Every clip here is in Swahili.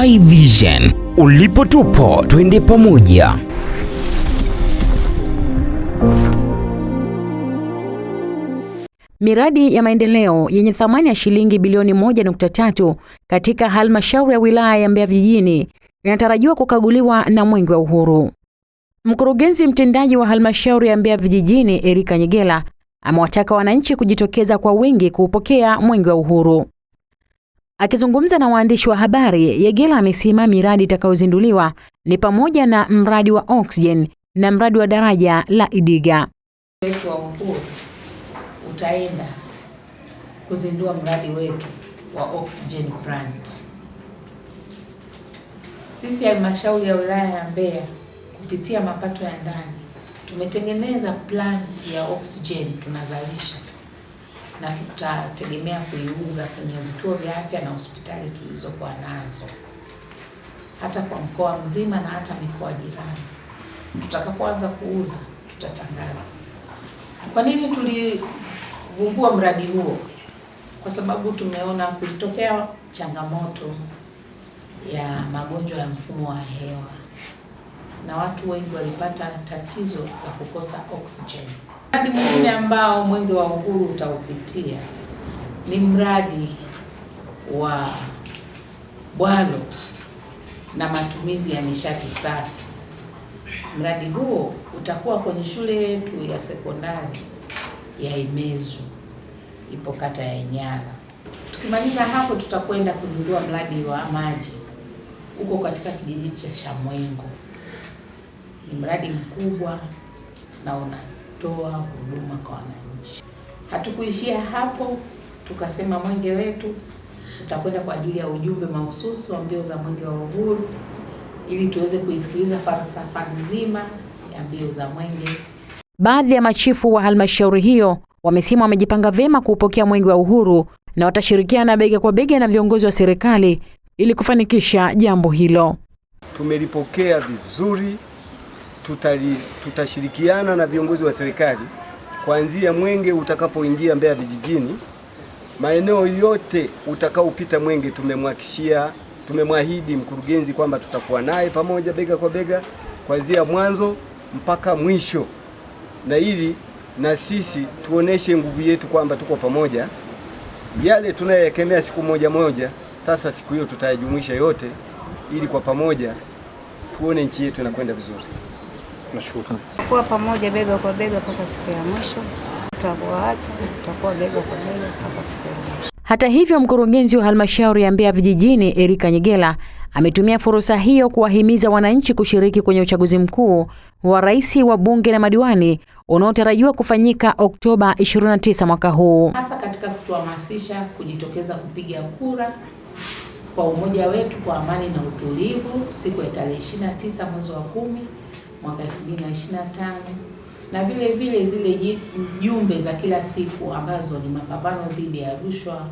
Sky Vision. Ulipo tupo, twende pamoja. Miradi ya maendeleo yenye thamani ya shilingi bilioni 1.3 katika halmashauri ya wilaya ya Mbeya vijijini inatarajiwa kukaguliwa na Mwenge wa Uhuru. Mkurugenzi mtendaji wa halmashauri ya Mbeya vijijini Erika Nyegela amewataka wananchi kujitokeza kwa wingi kuupokea Mwenge wa Uhuru. Akizungumza na waandishi wa habari, Yegela amesema miradi itakayozinduliwa ni pamoja na mradi wa oxygen na mradi wa daraja la Idiga. Wetu wa Ukuru utaenda kuzindua mradi wetu wa oxygen plant. Sisi halmashauri ya wilaya ya Mbeya kupitia mapato ya ndani tumetengeneza plant ya oxygen tunazalisha na tutategemea kuiuza kwenye vituo vya afya na hospitali tulizokuwa nazo, hata kwa mkoa mzima na hata mikoa jirani. Tutakapoanza kuuza tutatangaza. Kwa nini tulivumbua mradi huo? Kwa sababu tumeona kulitokea changamoto ya magonjwa ya mfumo wa hewa na watu wengi walipata tatizo la kukosa oksijeni. Mradi mwingine ambao mwenge wa uhuru utaupitia ni mradi wa bwalo na matumizi ya nishati safi. Mradi huo utakuwa kwenye shule yetu ya sekondari ya Imezu, ipo kata ya Inyala. Tukimaliza hapo, tutakwenda kuzindua mradi wa maji huko katika kijiji cha Shamwengo. Ni mradi mkubwa na una kutoa huduma kwa wananchi. Hatukuishia hapo, tukasema mwenge wetu utakwenda kwa ajili ya ujumbe mahususi wa mbio za mwenge wa uhuru ili tuweze kuisikiliza falsafa nzima ya mbio za mwenge. Baadhi ya machifu wa halmashauri hiyo wamesema wamejipanga vyema kuupokea mwenge wa uhuru na watashirikiana bega kwa bega na viongozi wa serikali ili kufanikisha jambo hilo. Tumelipokea vizuri tutali, tutashirikiana na viongozi wa serikali kuanzia mwenge utakapoingia Mbeya vijijini, maeneo yote utakaopita mwenge, tumemhakishia tumemwahidi mkurugenzi kwamba tutakuwa naye pamoja bega kwa bega kuanzia mwanzo mpaka mwisho, na ili na sisi tuoneshe nguvu yetu kwamba tuko pamoja. Yale tunayoyakemea siku moja moja, sasa siku hiyo tutayajumuisha yote, ili kwa pamoja tuone nchi yetu inakwenda vizuri. Nashukuru. Kuwa pamoja bega kwa bega mpaka siku ya mwisho, tutakuwa bega kwa bega mpaka siku ya mwisho. Hata hivyo, mkurugenzi wa halmashauri ya Mbeya vijijini Erika Nyegela ametumia fursa hiyo kuwahimiza wananchi kushiriki kwenye uchaguzi mkuu wa rais wa bunge na madiwani unaotarajiwa kufanyika Oktoba 29 mwaka huu, hasa katika kutuhamasisha kujitokeza kupiga kura kwa umoja wetu kwa amani na utulivu siku ya tarehe 29 mwezi wa kumi mwaka 2025 na vile vile zile jumbe za kila siku ambazo ni mapambano dhidi ya rushwa,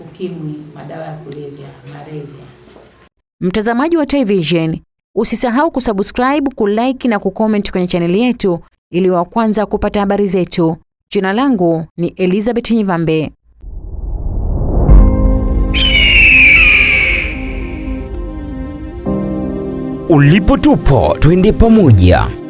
ukimwi, madawa ya kulevya, malaria. Mtazamaji wa television, usisahau kusubscribe, kulike na kucomment kwenye chaneli yetu ili wa kwanza kupata habari zetu. Jina langu ni Elizabeth Nyivambe. Ulipo tupo, twende pamoja.